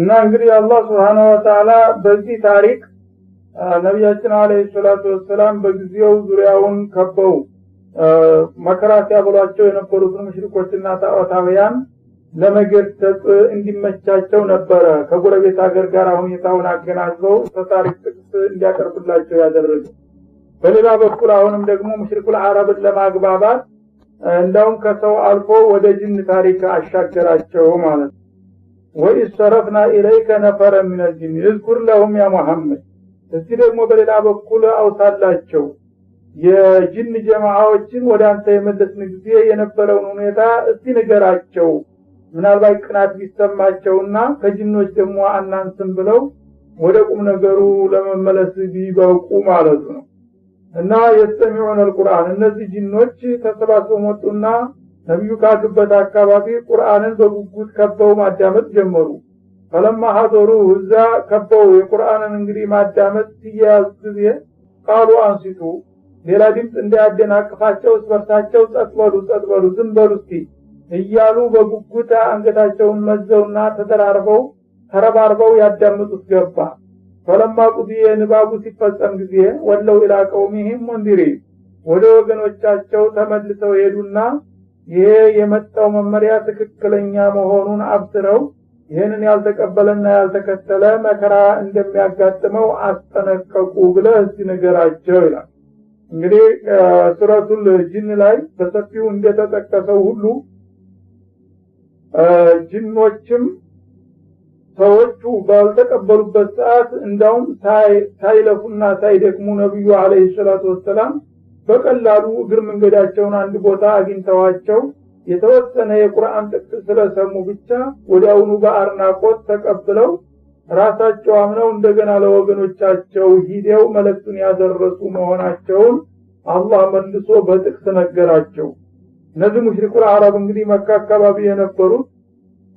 እና እንግዲህ አላህ ስብሓነ ወተዓላ በዚህ ታሪክ ነቢያችን አለህ ሰላቱ ወሰላም በጊዜው ዙሪያውን ከበው መከራ ብሏቸው የነበሩትን ሙሽሪኮችና ጣዖታውያን ለመገርሰጥ እንዲመቻቸው ነበረ ከጎረቤት ሀገር ጋር ሁኔታውን አገናዝበው ተታሪክ ጥቅስ እንዲያቀርቡላቸው ያደረገ። በሌላ በኩል አሁንም ደግሞ ሙሽሪኩል አረብን ለማግባባት እንዳውም ከሰው አልፎ ወደ ጅን ታሪክ አሻገራቸው ማለት ነው። ወኢዝ ሰረፍና ኢለይከ ነፈረ ልጅን እዝኩር ለሁም ያ ሙሐመድ። እስቲ ደግሞ በሌላ በኩል አውሳላቸው የጅን ጀማዓዎችን ወደ አንተ የመለስን ጊዜ የነበረውን ሁኔታ እስቲ ንገራቸው። ምናልባት ቅናት ቢሰማቸውና ከጅኖች ደግሞ አናንስም ብለው ወደ ቁም ነገሩ ለመመለስ ቢበቁ ማለቱ ነው። እና የስተሚዑን አልቁርአን እነዚህ ጅኖች ተሰባስበው መጡና ነቢዩ ካሉበት አካባቢ ቁርአንን በጉጉት ከበው ማዳመጥ ጀመሩ ፈለማ ሀዘሩ እዛ ከበው የቁርአንን እንግዲህ ማዳመጥ ሲያያዙ ጊዜ ቃሉ አንሲቱ ሌላ ድምፅ እንዳያደናቅፋቸው እስበርሳቸው ጸጥበሉ ጸጥበሉ ዝም በሉ እስቲ እያሉ በጉጉት አንገታቸውን መዘውና ተደራርበው ተረባርበው ያዳምጡት ገባ ፈለማ ቁድዬ ንባቡ ሲፈጸም ጊዜ ወለው ኢላ ቀውሚህም ወንዲሪ ወደ ወገኖቻቸው ተመልሰው ሄዱና ይሄ የመጣው መመሪያ ትክክለኛ መሆኑን አብስረው ይህንን ያልተቀበለና ያልተከተለ መከራ እንደሚያጋጥመው አስጠነቀቁ ብለ እዚ ነገራቸው ይላል። እንግዲህ ሱረቱል ጅን ላይ በሰፊው እንደተጠቀሰው ሁሉ ጅኖችም ሰዎቹ ባልተቀበሉበት ሰዓት እንዳውም ሳይለፉና ሳይደክሙ ነቢዩ አለህ ሰላቱ ወሰላም በቀላሉ እግር መንገዳቸውን አንድ ቦታ አግኝተዋቸው የተወሰነ የቁርአን ጥቅስ ስለሰሙ ብቻ ወዲያውኑ በአድናቆት ተቀብለው ራሳቸው አምነው እንደገና ለወገኖቻቸው ሂደው መልእክቱን ያደረሱ መሆናቸውን አላህ መልሶ በጥቅስ ነገራቸው። እነዚህ ሙሽሪኩል አረብ እንግዲህ መካ አካባቢ የነበሩት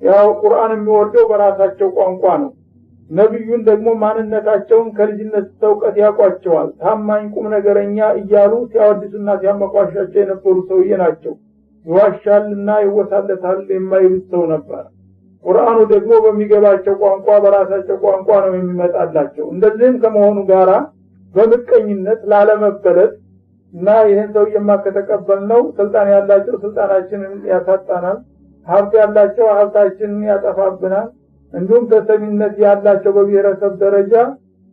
ያው ቁርአን የሚወርደው በራሳቸው ቋንቋ ነው። ነቢዩን ደግሞ ማንነታቸውን ከልጅነት ተውቀት ያውቋቸዋል። ታማኝ ቁም ነገረኛ እያሉ ሲያወድሱና ሲያመቋሻቸው የነበሩ ሰውዬ ናቸው። ይዋሻልና ይወሳለታል የማይሉት ሰው ነበር። ቁርአኑ ደግሞ በሚገባቸው ቋንቋ በራሳቸው ቋንቋ ነው የሚመጣላቸው። እንደዚህም ከመሆኑ ጋር በምቀኝነት ላለመበለት እና ይህን ሰው የማከተቀበል ነው ስልጣን ያላቸው ስልጣናችንን ያሳጣናል፣ ሀብት ያላቸው ሀብታችንን ያጠፋብናል እንዲሁም ተሰሚነት ያላቸው በብሔረሰብ ደረጃ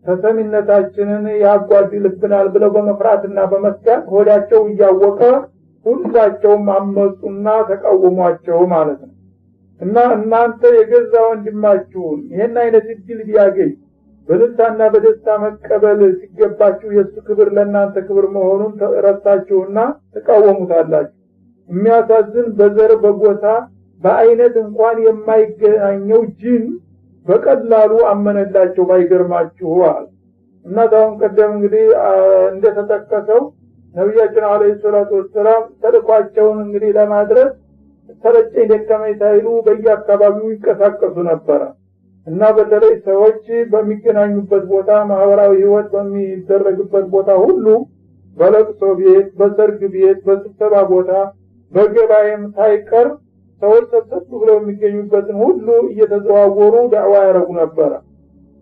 ተሰሚነታችንን ያጓድልብናል ብለው በመፍራትና በመስጋት ሆዳቸው እያወቀ ሁላቸውም አመፁና ተቃወሟቸው ማለት ነው። እና እናንተ የገዛ ወንድማችሁን ይህን አይነት እድል ቢያገኝ በደስታና በደስታ መቀበል ሲገባችሁ የእሱ ክብር ለእናንተ ክብር መሆኑን ረሳችሁና ተቃወሙታላችሁ። የሚያሳዝን በዘር በጎሳ በአይነት እንኳን የማይገናኘው ጅን በቀላሉ አመነላቸው ባይገርማችሁ አለ እና ታሁን ቀደም እንግዲህ እንደተጠቀሰው ነቢያችን አለ ሰላቱ ወሰላም ተልኳቸውን እንግዲህ ለማድረስ ሰለቸኝ ደከመኝ ሳይሉ በየአካባቢው ይንቀሳቀሱ ነበረ እና በተለይ ሰዎች በሚገናኙበት ቦታ ማህበራዊ ህይወት በሚደረግበት ቦታ ሁሉ በለቅሶ ቤት፣ በሰርግ ቤት፣ በስብሰባ ቦታ፣ በገባይም ሳይቀር ሰዎች ተሰጡ ብለው የሚገኙበትን ሁሉ እየተዘዋወሩ ዳዕዋ ያደረጉ ነበረ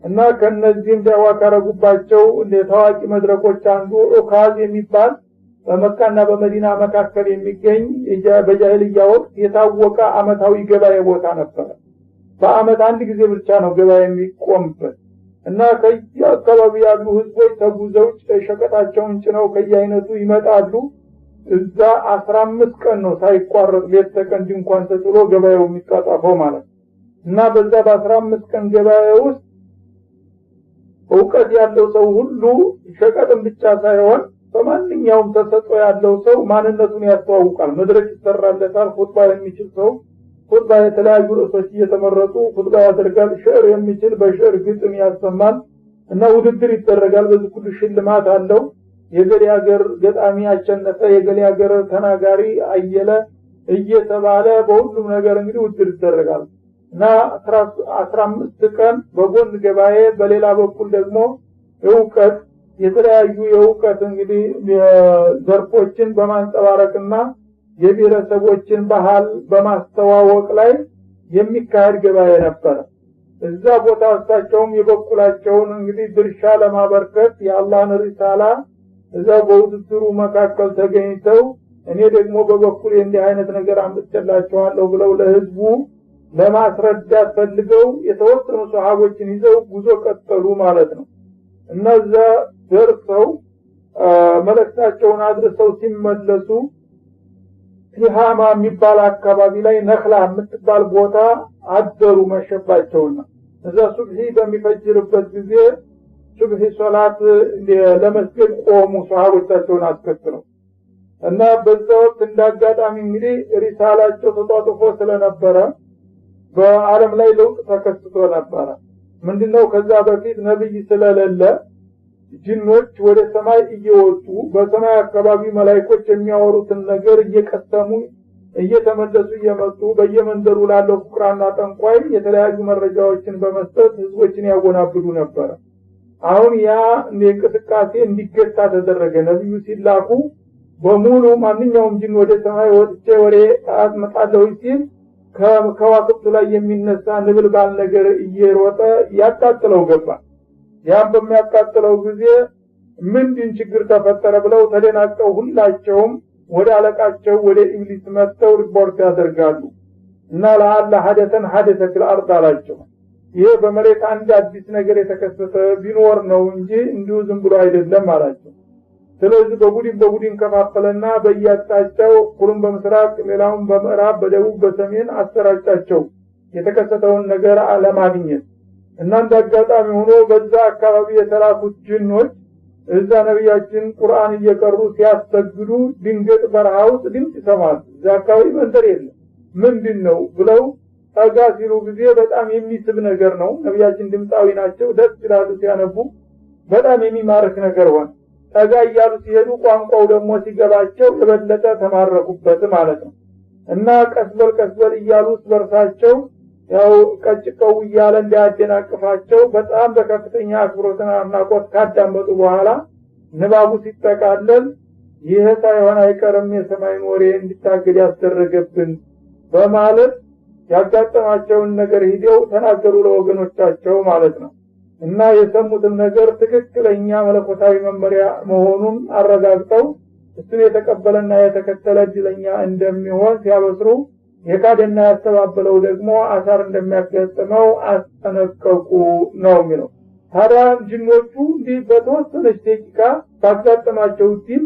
እና ከነዚህም ዳዕዋ ካረጉባቸው ታዋቂ መድረኮች አንዱ ኦካዝ የሚባል በመካና በመዲና መካከል የሚገኝ በጃሂልያ ወቅት የታወቀ አመታዊ ገበያ ቦታ ነበረ። በአመት አንድ ጊዜ ብቻ ነው ገበያ የሚቆምበት እና አካባቢ ያሉ ህዝቦች ተጉዘው ሸቀጣቸውን ጭነው ከየአይነቱ ይመጣሉ። እዛ አስራ አምስት ቀን ነው ሳይቋረጥ ሌት ተቀን ድንኳን ተጥሎ ገበያው የሚጣጣፈው ማለት እና በዛ በአስራ አምስት ቀን ገበያ ውስጥ እውቀት ያለው ሰው ሁሉ ሸቀጥን ብቻ ሳይሆን በማንኛውም ተሰጦ ያለው ሰው ማንነቱን ያስተዋውቃል። መድረክ ይሰራለታል። ኹጥባ የሚችል ሰው ኹጥባ የተለያዩ ርዕሶች እየተመረጡ ኹጥባ ያደርጋል። ሽዕር የሚችል በሽዕር ግጥም ያሰማል እና ውድድር ይደረጋል። በዚህ ሁሉ ሽልማት አለው። የገሌ ሀገር ገጣሚ አሸነፈ፣ የገሌ ሀገር ተናጋሪ አየለ እየተባለ በሁሉም ነገር እንግዲህ ውድድር ይደረጋል እና አስራ አምስት ቀን በጎን ገባኤ፣ በሌላ በኩል ደግሞ እውቀት የተለያዩ የእውቀት እንግዲህ ዘርፎችን በማንጸባረቅና የብሔረሰቦችን ባህል በማስተዋወቅ ላይ የሚካሄድ ገበያ ነበር። እዛ ቦታ እሳቸውም የበኩላቸውን እንግዲህ ድርሻ ለማበርከት የአላህን ሪሳላ እዛ በውድድሩ መካከል ተገኝተው እኔ ደግሞ በበኩል እንዲህ አይነት ነገር አምጥቼላችኋለሁ ብለው ለህዝቡ ለማስረዳት ፈልገው የተወሰኑ ሰሃቦችን ይዘው ጉዞ ቀጠሉ ማለት ነው። እነዛ ደርሰው መለክታቸውን አድርሰው ሲመለሱ ሲሃማ የሚባል አካባቢ ላይ ነክላ የምትባል ቦታ አደሩ መሸባቸውና እዛ ሱብሒ በሚፈጅርበት ጊዜ ሱብሒ ሶላት ለመስገድ ቆሙ ሰሃቦቻቸውን አስከትለው እና በዛ ወቅት እንዳጋጣሚ እንግዲህ ሪሳላቸው ተጧጥፎ ስለነበረ በአለም ላይ ለውጥ ተከስቶ ነበረ። ምንድነው? ከዛ በፊት ነቢይ ስለሌለ ጅኖች ወደ ሰማይ እየወጡ በሰማይ አካባቢ መላይኮች የሚያወሩትን ነገር እየቀሰሙ እየተመለሱ እየመጡ በየመንደሩ ላለው ፉቅራና ጠንቋይ የተለያዩ መረጃዎችን በመስጠት ህዝቦችን ያወናብዱ ነበረ። አሁን ያ እንቅስቃሴ እንዲገታ ተደረገ። ነቢዩ ሲላኩ በሙሉ ማንኛውም ጅን ወደ ሰማይ ወጥቼ ወሬ አመጣለሁ ሲል ከዋክብቱ ላይ የሚነሳ ንብልባል ነገር እየሮጠ ያቃጥለው ገባ። ያም በሚያቃጥለው ጊዜ ምንድን ችግር ተፈጠረ ብለው ተደናቀው ሁላቸውም ወደ አለቃቸው ወደ ኢብሊስ መጥተው ሪፖርት ያደርጋሉ እና ለአላ ሀደተን ሀደተ ልአርድ አላቸው ይሄ በመሬት አንድ አዲስ ነገር የተከሰተ ቢኖር ነው እንጂ እንዲሁ ዝም ብሎ አይደለም አላቸው። ስለዚህ በቡድን በቡድን ከፋፈለና በያጣቸው ሁሉም በምስራቅ ሌላውን በምዕራብ በደቡብ በሰሜን አሰራጫቸው። የተከሰተውን ነገር አለማግኘት እና አጋጣሚ ሆኖ በዛ አካባቢ የተላኩት ጅኖች እዛ ነቢያችን ቁርአን እየቀሩ ሲያስተግዱ ድንገት በረሃ ውስጥ ድምፅ ይሰማሉ። እዛ አካባቢ መንደር የለም ምንድን ነው ብለው ጠጋ ሲሉ ጊዜ በጣም የሚስብ ነገር ነው። ነቢያችን ድምፃዊ ናቸው። ደስ ይላሉ ሲያነቡ፣ በጣም የሚማርክ ነገር ሆነ። ጠጋ እያሉ ሲሄዱ ቋንቋው ደግሞ ሲገባቸው የበለጠ ተማረኩበት ማለት ነው እና ቀስበል ቀስበል እያሉ በርሳቸው ያው ቀጭቀው እያለ እንዳያደናቅፋቸው በጣም በከፍተኛ አክብሮትና አድናቆት ካዳመጡ በኋላ ንባቡ ሲጠቃለል ይህ ሳይሆን አይቀርም የሰማይን ወሬ እንዲታገድ ያስደረገብን በማለት ያጋጠማቸውን ነገር ሂደው ተናገሩ ለወገኖቻቸው ማለት ነው። እና የሰሙትም ነገር ትክክለኛ መለኮታዊ መመሪያ መሆኑን አረጋግጠው እሱን የተቀበለና የተከተለ እድለኛ እንደሚሆን ሲያበስሩ የካደና ያስተባበለው ደግሞ አሳር እንደሚያጋጥመው አስጠነቀቁ ነው የሚለው። ታዲያ ጅኖቹ እንዲህ በተወሰነች ደቂቃ ባጋጠማቸው ዲል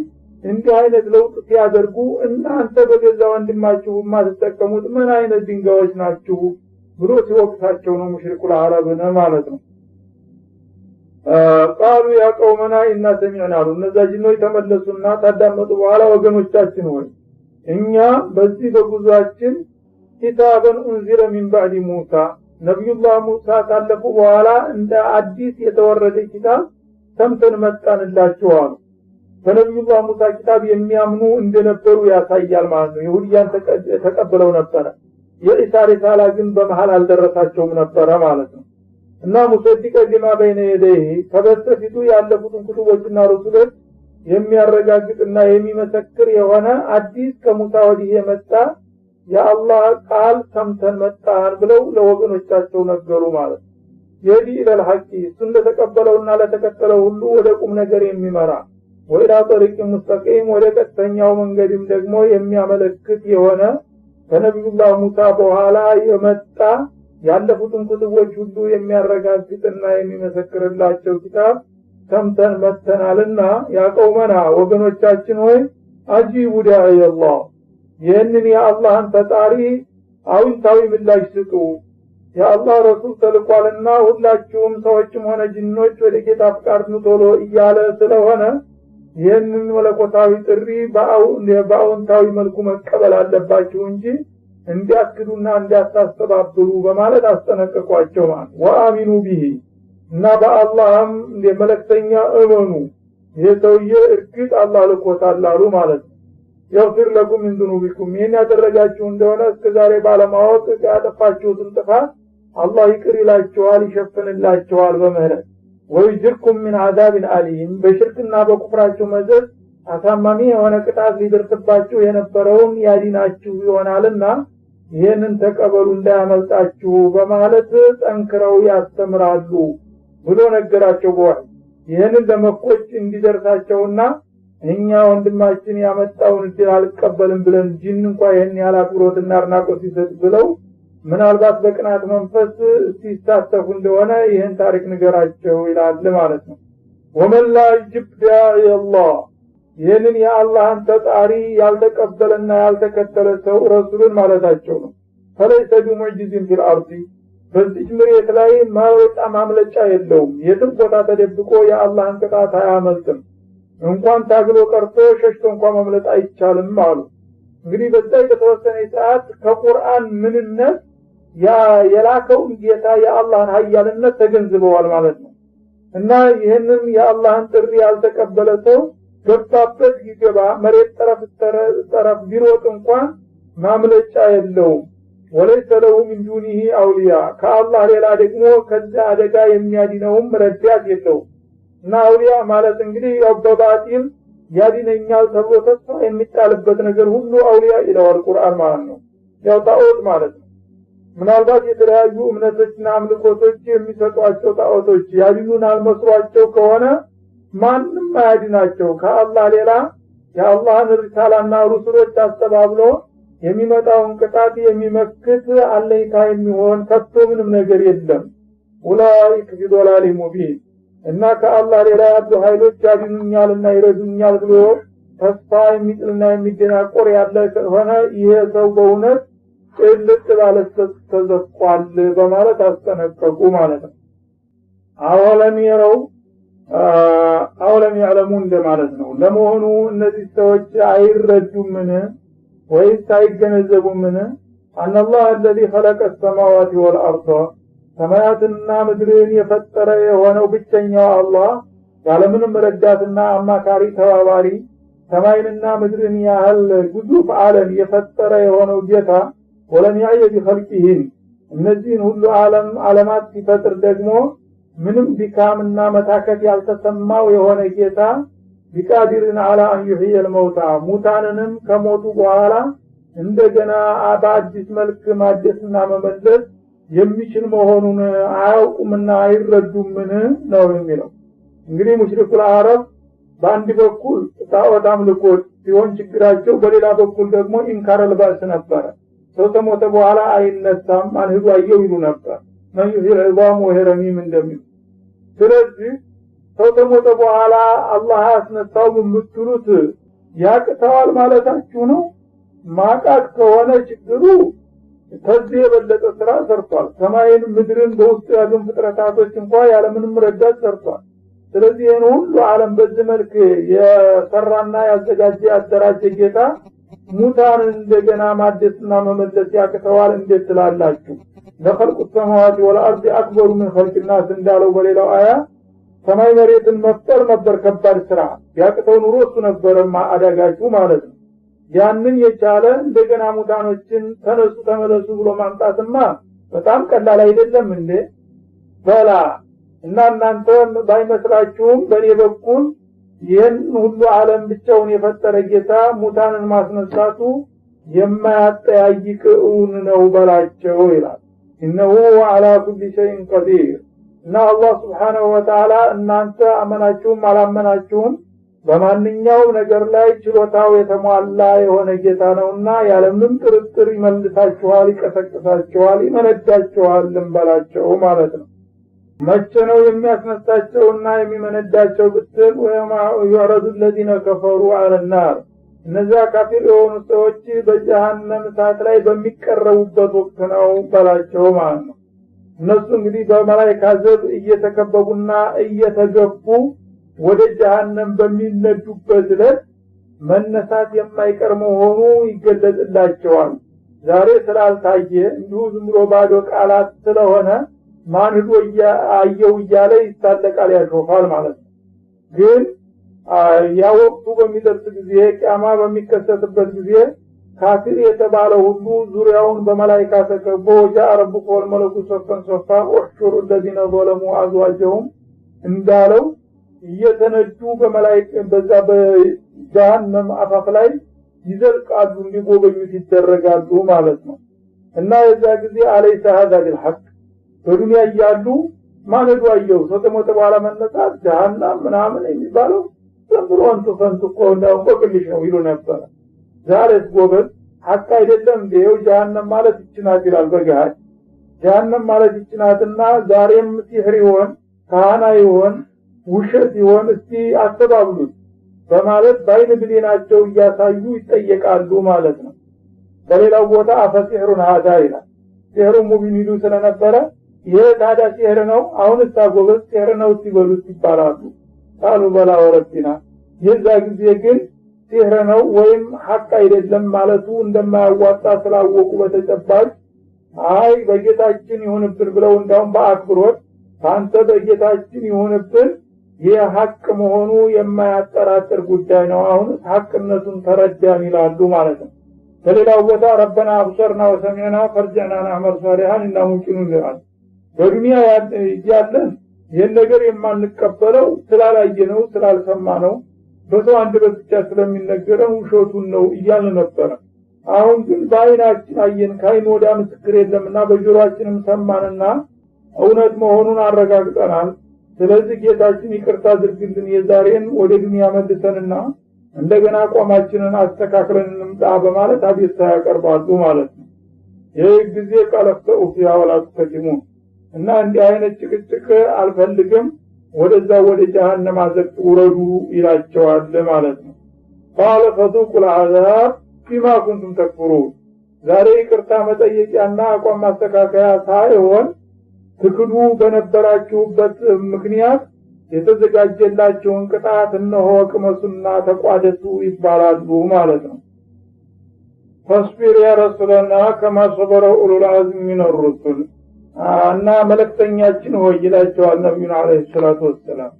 እንዲህ አይነት ለውጥ ሲያደርጉ እናንተ በገዛ ወንድማችሁ የማትጠቀሙት ምን አይነት ድንጋዮች ናችሁ ብሎ ሲወቅሳቸው ነው ሙሽሪኩል አረብን ማለት ነው። ቃሉ ያ ቀውመና ኢና ሰሚዕና አሉ። እነዛ ጅኖች ተመለሱና ታዳመጡ በኋላ ወገኖቻችን ሆይ እኛ በዚህ በጉዟችን ኪታበን ኡንዚረ ሚን ባዕድ ሙሳ ነቢዩላህ ሙሳ ካለፉ በኋላ እንደ አዲስ የተወረደ ኪታብ ሰምተን መጣንላችኋል። በነቢዩላህ ሙሳ ኪታብ የሚያምኑ እንደነበሩ ያሳያል ማለት ነው። ይሁዲያን ተቀብለው ነበረ። የኢሳ ሪሳላ ግን በመሀል አልደረሳቸውም ነበረ ማለት ነው እና ሙሰዲቀ ሊማ በይነ የደይህ ከበስተፊቱ ያለፉትን ክቱቦችና ሩሱሎች የሚያረጋግጥና የሚመሰክር የሆነ አዲስ ከሙሳ ወዲህ የመጣ የአላህ ቃል ሰምተን መጣን ብለው ለወገኖቻቸው ነገሩ ማለት ነው። የዲ ኢለል እሱ ለተቀበለውና ለተከተለው ሁሉ ወደ ቁም ነገር የሚመራ ወይላ ጠሪቅ ሙስተቂም ወደ ቀጥተኛው መንገድም ደግሞ የሚያመለክት የሆነ ከነቢዩላህ ሙሳ በኋላ የመጣ ያለፉትን ክትቦች ሁሉ የሚያረጋግጥና የሚመሰክርላቸው ኪታብ ሰምተን መተናልና ያቀውመና ወገኖቻችን ሆይ አጂቡ ዳዒየ ይህንን የአላህን ፈጣሪ አዊንታዊ ምላሽ ስጡ የአላህ ረሱል ተልቋልና ሁላችሁም ሰዎችም ሆነ ጅኖች ወደ ጌታ ፍቃድ ኑ ቶሎ እያለ ስለሆነ ይህንን መለኮታዊ ጥሪ በአዎንታዊ መልኩ መቀበል አለባችሁ እንጂ እንዲያክዱና እንዲያታስተባብሩ በማለት አስጠነቀቋቸው ማለት ወአሚኑ ቢሂ እና በአላህም መለክተኛ እመኑ ይህ ሰውዬ እርግጥ አላ ልኮታል አሉ ማለት ነው የውፊር ለኩም ምን ዙኑቢኩም ይህን ያደረጋችሁ እንደሆነ እስከ ዛሬ ባለማወቅ ያጠፋችሁትን ጥፋት አላህ ይቅር ይላችኋል ይሸፍንላችኋል በምህረት ወይድርኩም ምን አዛብን አሊም በሽርክና በኩፍራችሁ መዘዝ አሳማሚ የሆነ ቅጣት ሊደርስባችሁ የነበረውን ያዲናችሁ ይሆናልና ይህንን ተቀበሉ እንዳያመልጣችሁ በማለት ጠንክረው ያስተምራሉ ብሎ ነገራቸው። በኋላ ይህንን ለመኮች እንዲደርሳቸውና እኛ ወንድማችን ያመጣውን እድል አልቀበልም ብለን ጅን እንኳ ይህን ያህል አክብሮትና አድናቆት ሲሰጥ ብለው ምናልባት በቅናት መንፈስ ሲሳተፉ እንደሆነ ይህን ታሪክ ንገራቸው ይላል ማለት ነው። ወመን ላ ዩጅብ ዳዒየ ይህንን የአላህን ተጣሪ ያልተቀበለና ያልተከተለ ሰው ረሱሉን ማለታቸው ነው። ፈለይሰ ቢሙዕጅዝን ፊልአርዲ በዚህ ምሬት ላይ ማወጣ ማምለጫ የለውም። የትም ቦታ ተደብቆ የአላህን ቅጣት አያመልጥም። እንኳን ታግሎ ቀርቶ ሸሽቶ እንኳ መምለጥ አይቻልም አሉ። እንግዲህ በዛ በተወሰነ ሰዓት ከቁርአን ምንነት ያ የላከውን ጌታ የአላህን ሀያልነት ተገንዝበዋል ማለት ነው እና ይህንም የአላህን ጥሪ ያልተቀበለ ሰው ገባበት ይገባ መሬት ጠረፍ ጠረፍ ቢሮጥ እንኳን ማምለጫ የለውም ወለይሰ ለሁ ምን ዱኒህ አውልያ ከአላህ ሌላ ደግሞ ከዚያ አደጋ የሚያድነውም ረዳት የለውም እና አውልያ ማለት እንግዲህ ያው በባጢል ያድነኛል ተብሎ ተስፋ የሚጣልበት ነገር ሁሉ አውልያ ይለዋል ቁርአን ማለት ነው ያው ጣዖት ማለት ነው ምናልባት የተለያዩ እምነቶችና አምልኮቶች የሚሰጧቸው ጣዖቶች ያድኑናል መስሏቸው ከሆነ ማንም አያድናቸው ከአላህ ሌላ የአላህን ሪሳላና ሩስሎች አስተባብሎ የሚመጣውን ቅጣት የሚመክት አለይታ የሚሆን ከቶ ምንም ነገር የለም። ኡላኢክ ቢዶላሊ ሙቢን እና ከአላህ ሌላ ያሉ ኃይሎች ያድኑኛልና ይረዱኛል ብሎ ተስፋ የሚጥልና የሚደናቆር ያለ ከሆነ ይሄ ሰው በእውነት ቅልጥ ባለት ተዘቋል በማለት አስጠነቀቁ ማለት ነው። አወለም የረው አወለም ያዕለሙ እንደማለት ነው። ለመሆኑ እነዚህ ሰዎች አይረዱምን ወይስ አይገነዘቡምን? አነላህ አለዚ ኸለቀ ሰማዋት ወልአርض ሰማያትና ምድርን የፈጠረ የሆነው ብቸኛው አላህ ያለምንም ረዳትና አማካሪ ተባባሪ ሰማይንና ምድርን ያህል ጉዙፍ አለም የፈጠረ የሆነው ጌታ ወለም ያየ ቢኸልቂህን እነዚህን ሁሉ ዓለም ዓለማት ሲፈጥር ደግሞ ምንም ድካምና መታከት ያልተሰማው የሆነ ጌታ ቢቃዲርን አላ አን ዩሕየል መውታ ሙታንንም ከሞቱ በኋላ እንደገና በአዲስ መልክ ማደስና መመለስ የሚችል መሆኑን አያውቁምና አይረዱምን ነው የሚለው። እንግዲህ ሙሽሪኩል አረብ በአንድ በኩል ጣዖት አምልኮ ሲሆን ችግራቸው፣ በሌላ በኩል ደግሞ ኢንካረል ባእስ ነበረ። ሰው ከሞተ በኋላ አይነሳም አንህዱ አየው ይሉ ነበር መን ዩሂል ወሂየ ረሚም እንደሚሉ ስለዚህ ሰው ከሞተ በኋላ አላህ አስነሳው የምትሉት ያቅተዋል ማለታችሁ ነው ማቃት ከሆነ ችግሩ ከዚህ የበለጠ ስራ ሰርቷል ሰማይን ምድርን በውስጡ ያሉን ፍጥረታቶች እንኳ ያለምንም ረዳት ሰርቷል ስለዚህ ይህን ሁሉ አለም በዚህ መልክ የሰራና ያዘጋጀ ያደራጀ ጌታ ሙታን እንደገና ማደስና መመለስ ያቅተዋል እንዴት ትላላችሁ ለከልቁ ሰማዋት ወለአርድ አክበሩ ምን ኸልቅናስ እንዳለው በሌላው አያ ሰማይ መሬትን መፍጠር ነበር ከባድ ስራ ያቅተው ኑሮ እሱ ነበረማ አዳጋችሁ ማለት ነው ያንን የቻለ እንደገና ሙታኖችን ተነሱ ተመለሱ ብሎ ማምጣትማ በጣም ቀላል አይደለም እንዴ በላ እና እናንተ ባይመስላችሁም በእኔ በኩል ይህን ሁሉ ዓለም ብቻውን የፈጠረ ጌታ ሙታንን ማስነሳቱ የማያጠያይቅ እውን ነው በላቸው ይላል። እነሁ አላ ኩል ሸይን ቀዲር እና አላህ ስብሓነሁ ወተላ እናንተ አመናችሁም አላመናችሁም በማንኛውም ነገር ላይ ችሎታው የተሟላ የሆነ ጌታ ነውና ያለምንም ጥርጥር ይመልሳችኋል፣ ይቀሰቅሳችኋል፣ ይመነዳችኋልም በላቸው ማለት ነው። መቼ ነው የሚያስነሳቸውና የሚመነዳቸው ብትል ዩዕረዱ ለዚነ ከፈሩ አለናር እነዚያ ካፊር የሆኑ ሰዎች በጀሃነም እሳት ላይ በሚቀረቡበት ወቅት ነው በላቸው ማለት ነው። እነሱ እንግዲህ በመላይካ ዘብ እየተከበቡና እየተገፉ ወደ ጀሃነም በሚነዱበት ዕለት መነሳት የማይቀር መሆኑ ይገለጽላቸዋል። ዛሬ ስላልታየ እንዲሁ ዝምሮ ባዶ ቃላት ስለሆነ ማን አየው እያለ ይታለቃል ያሾፋል ማለት ነው። ግን ያ ወቅቱ በሚደርስ ጊዜ ቅያማ በሚከሰትበት ጊዜ ካፊር የተባለ ሁሉ ዙሪያውን በመላይካ ተከቦ ወጃ ረቡከ ወልመለኩ ሶፈን ሶፋ ወሽሩ ለዚነ ዘለሙ አዝዋጀሁም እንዳለው እየተነዱ በመላይክ በዛ በጃሃንም አፋፍ ላይ ይዘልቃሉ እንዲጎበኙት ይደረጋሉ ማለት ነው እና የዛ ጊዜ አለይሰ ሀዛ ቢልሐቅ በዱንያ እያሉ ማለዱ አየው ሰው በኋላ መነሳት ጀሃናም ምናምን የሚባለው ዝም ብሎ እንቱ ፈንቱ እኮ እንዳውም በቅልሽ ነው ይሉ ነበረ። ዛሬስ ጎበዝ ሀቅ አይደለም ይኸው ጀሃነም ማለት ይችናት ይላል በገሃድ ጀሃነም ማለት ይችናትና ዛሬም ሲህር ይሆን ካህና ይሆን ውሸት ይሆን እስቲ አስተባብሉት በማለት በአይን ብሌናቸው እያሳዩ ይጠየቃሉ ማለት ነው። በሌላው ቦታ አፈሲሕሩን ሀዛ ይላል ሲሕሩ ሙቢን ይሉ ስለነበረ ይሄ ታዲያ ሲሄር ነው። አሁን ታጎበዝ ሲሄር ነው ሲበሉት ይባላሉ። ቃሉ በላ ወረቢና የዛ ጊዜ ግን ሲህር ነው ወይም ሀቅ አይደለም ማለቱ እንደማያዋጣ ስላወቁ በተጨባጭ አይ በጌታችን ይሁንብን ብለው እንዳውም በአክብሮት በአንተ በጌታችን ይሁንብን ይህ ሀቅ መሆኑ የማያጠራጥር ጉዳይ ነው፣ አሁን ሀቅነቱን ተረዳን ይላሉ ማለት ነው። በሌላው ቦታ ረበና አብሰርና ወሰሜና ፈርጀና ናዕመል ሷሊሃን እና ይላል። በዱንያ እያለን ይህን ነገር የማንቀበለው ስላላየ ነው ስላልሰማ ነው በሰው አንደበት ብቻ ስለሚነገረን ውሸቱን ነው እያልን ነበረ። አሁን ግን በአይናችን አየን፣ ከአይን ወዳ ምስክር የለምና በጆሮችንም ሰማንና እውነት መሆኑን አረጋግጠናል። ስለዚህ ጌታችን ይቅርታ አድርግልን፣ የዛሬን ወደ ዱኒያ መልሰንና እንደገና አቋማችንን አስተካክለን እንምጣ በማለት አቤቱታ ያቀርባሉ ማለት ነው። ይህ ጊዜ ቀለፍተው ፊሃ ተጅሙን እና እንዲህ አይነት ጭቅጭቅ አልፈልግም፣ ወደዛ ወደ ጀሃነም አዘቅት ውረዱ ይላቸዋል ማለት ነው። ቃለ ፈዙቁ ልአዛብ ፊማ ኩንቱም ተክፍሩን። ዛሬ ይቅርታ መጠየቂያና አቋም ማስተካከያ ሳይሆን ትክዱ በነበራችሁበት ምክንያት የተዘጋጀላቸውን ቅጣት እነሆ ቅመሱና ተቋደሱ ይባላሉ ማለት ነው። ፈስቢር ያረሱለና ከማሰበረ ኡሉል አዝም ሩሱል እና መለክተኛችን ሆይ ይላቸዋል ነቢዩን አለ ሰላቱ ወሰላም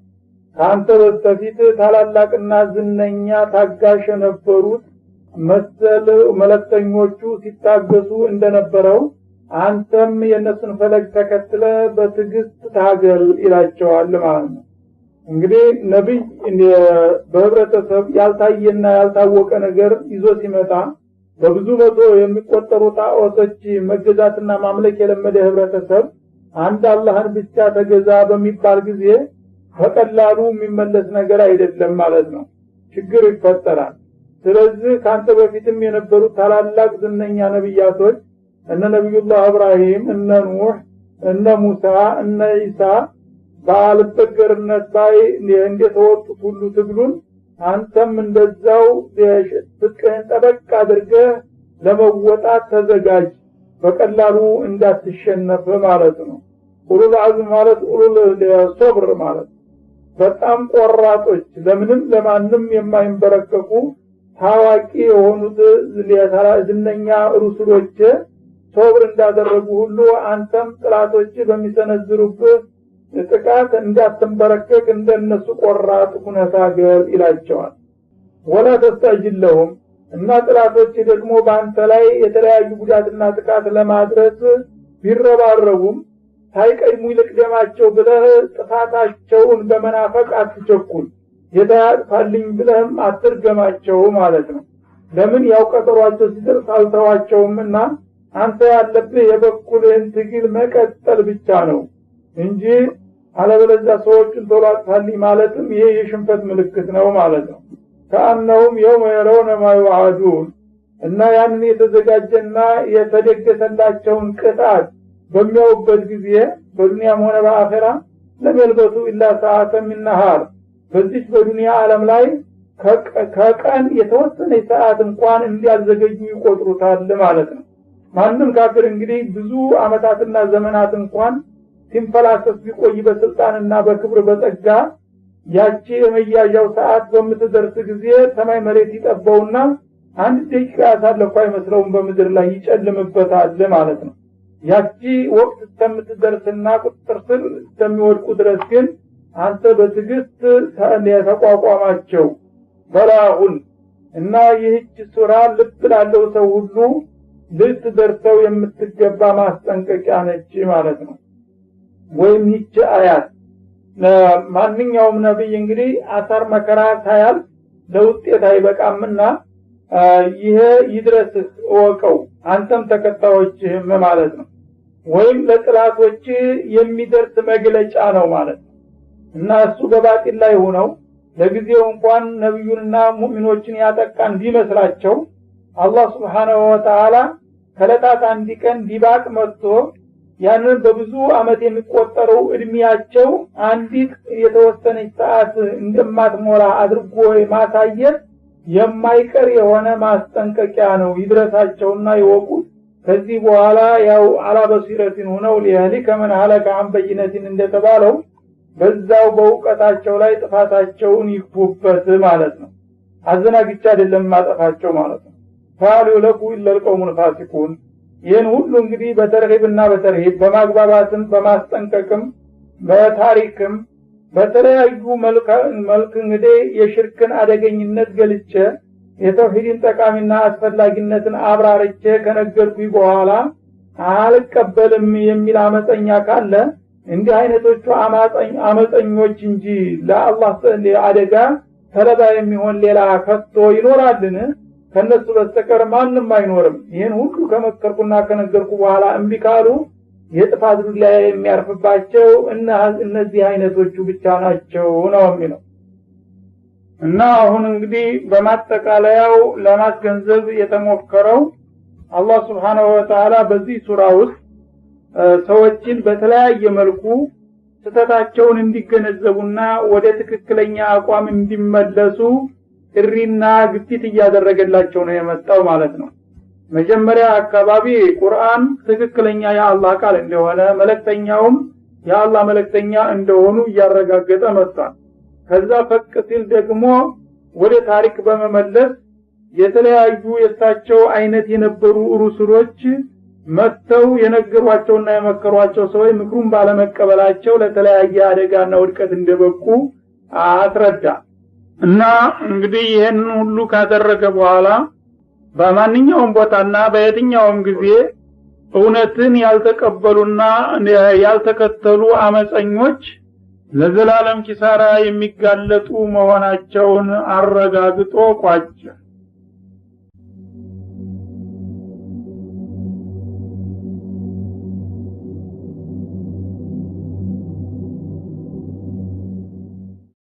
ከአንተ በስተፊት ታላላቅና ዝነኛ ታጋሽ የነበሩት መሰል መለክተኞቹ ሲታገሱ እንደነበረው አንተም የእነሱን ፈለግ ተከትለ በትዕግስት ታገል ይላቸዋል ማለት ነው። እንግዲህ ነቢይ በህብረተሰብ ያልታየና ያልታወቀ ነገር ይዞ ሲመጣ በብዙ መቶ የሚቆጠሩ ጣዖቶች መገዛትና ማምለክ የለመደ ህብረተሰብ አንድ አላህን ብቻ ተገዛ በሚባል ጊዜ በቀላሉ የሚመለስ ነገር አይደለም ማለት ነው። ችግር ይፈጠራል። ስለዚህ ከአንተ በፊትም የነበሩት ታላላቅ ዝነኛ ነቢያቶች እነ ነቢዩላህ እብራሂም፣ እነ ኑህ፣ እነ ሙሳ፣ እነ ኢሳ በአልበገርነት ባይ እንደተወጡት ሁሉ ትግሉን አንተም እንደዛው ትጥቅህን ጠበቅ አድርገህ ለመወጣት ተዘጋጅ፣ በቀላሉ እንዳትሸነፍ ማለት ነው። ኡሉል አዝም ማለት ኡሉል ሶብር ማለት በጣም ቆራጦች፣ ለምንም ለማንም የማይንበረከቁ ታዋቂ የሆኑት ዝነኛ ሩስሎች ሶብር እንዳደረጉ ሁሉ አንተም ጥላቶች በሚሰነዝሩብህ ጥቃት እንዳትንበረከክ እንደነሱ ቆራጥ ሁነታ ታገል ይላቸዋል። ወላ ተስታጅል ለሁም እና ጥላቶች ደግሞ በአንተ ላይ የተለያዩ ጉዳትና ጥቃት ለማድረስ ቢረባረቡም ሳይቀድሙ ይልቅ ደማቸው ብለህ ጥፋታቸውን በመናፈቅ አትቸኩል። የተያጥፋልኝ ብለህም አትርገማቸው ማለት ነው። ለምን ያው ቀጠሯቸው ሲደርስ እና አንተ ያለብህ የበኩልህን ትግል መቀጠል ብቻ ነው። እንጂ አለበለዚያ ሰዎችን ቶሎ አጥፋልኝ ማለትም ይሄ የሽንፈት ምልክት ነው ማለት ነው። ከአነውም የውመ የረውነ ማ እና ያንን የተዘጋጀና የተደገሰላቸውን ቅጣት በሚያውበት ጊዜ በዱኒያም ሆነ በአኼራ ለመልበሱ ኢላ ሰዓተ ሚናሃር በዚች በዱንያ ዓለም ላይ ከቀን የተወሰነ ሰዓት እንኳን እንዲያዘገዩ ይቆጥሩታል ማለት ነው። ማንም ካፍር እንግዲህ ብዙ አመታትና ዘመናት እንኳን ሲንፈላሰስ ቢቆይ በስልጣንና በክብር በጸጋ ያቺ የመያዣው ሰዓት በምትደርስ ጊዜ ሰማይ መሬት ይጠባውና አንድ ደቂቃ ያሳለፉ አይመስለውም በምድር ላይ ይጨልምበታል ማለት ነው ያቺ ወቅት እስከምትደርስና ቁጥጥር ስር እስከሚወድቁ ድረስ ግን አንተ በትግስት ተቋቋማቸው በላሁን እና ይህች ሱራ ልብ ላለው ሰው ሁሉ ልትደርሰው የምትገባ ማስጠንቀቂያ ነች ማለት ነው ወይም ይች አያት ማንኛውም ነቢይ እንግዲህ አሳር መከራ ሳያል ለውጤት አይበቃምና ይሄ ይድረስህ እወቀው አንተም ተከታዮችህም ማለት ነው። ወይም ለጥላቶች የሚደርስ መግለጫ ነው ማለት ነው እና እሱ በባጢል ላይ ሆነው ለጊዜው እንኳን ነቢዩንና ሙእሚኖችን ያጠቃ እንዲመስላቸው አላህ ስብሓነሁ ወተዓላ ከለታት አንድ ቀን ዲባቅ መጥቶ ያንን በብዙ አመት የሚቆጠረው እድሜያቸው አንዲት የተወሰነች ሰዓት እንደማትሞላ አድርጎ ማሳየት የማይቀር የሆነ ማስጠንቀቂያ ነው። ይድረሳቸውና ይወቁት። ከዚህ በኋላ ያው አላበሲረትን ሆነው ሊህሊ ከመን ሀለከ አንበይነትን እንደተባለው በዛው በእውቀታቸው ላይ ጥፋታቸውን ይኩበት ማለት ነው። አዘናግቻ አይደለም ማጠፋቸው ማለት ነው። ፋሉ ለኩ ኢለልቀውሙል ፋሲቁን ይህን ሁሉ እንግዲህ በተርሂብና በተርሂብ በማግባባትም በማስጠንቀቅም በታሪክም በተለያዩ መልክ እንግዲህ የሽርክን አደገኝነት ገልቼ የተውሂድን ጠቃሚና አስፈላጊነትን አብራርቼ ከነገርኩ በኋላ አልቀበልም የሚል አመፀኛ ካለ እንዲህ አይነቶቹ አመፀኞች እንጂ ለአላህ አደጋ ተለባ የሚሆን ሌላ ከቶ ይኖራልን ከነሱ በስተቀር ማንም አይኖርም። ይህን ሁሉ ከመከርኩና ከነገርኩ በኋላ እምቢ ካሉ የጥፋት ዱላ የሚያርፍባቸው እነዚህ አይነቶቹ ብቻ ናቸው ነው የሚለው እና አሁን እንግዲህ በማጠቃለያው ለማስገንዘብ የተሞከረው አላህ ስብሓንሁ ወተዓላ በዚህ ሱራ ውስጥ ሰዎችን በተለያየ መልኩ ስተታቸውን እንዲገነዘቡና ወደ ትክክለኛ አቋም እንዲመለሱ ጥሪና ግፊት እያደረገላቸው ነው የመጣው ማለት ነው። መጀመሪያ አካባቢ ቁርአን ትክክለኛ የአላህ ቃል እንደሆነ መለክተኛውም የአላህ መለክተኛ እንደሆኑ እያረጋገጠ መጥቷል። ከዛ ፈቅ ሲል ደግሞ ወደ ታሪክ በመመለስ የተለያዩ የእሳቸው አይነት የነበሩ ሩስሮች መጥተው የነገሯቸውና የመከሯቸው ሰዎች ምክሩን ባለመቀበላቸው ለተለያየ አደጋና ውድቀት እንደበቁ አስረዳ። እና እንግዲህ ይህን ሁሉ ካደረገ በኋላ በማንኛውም ቦታና በየትኛውም ጊዜ እውነትን ያልተቀበሉና ያልተከተሉ አመፀኞች ለዘላለም ኪሳራ የሚጋለጡ መሆናቸውን አረጋግጦ ቋጭ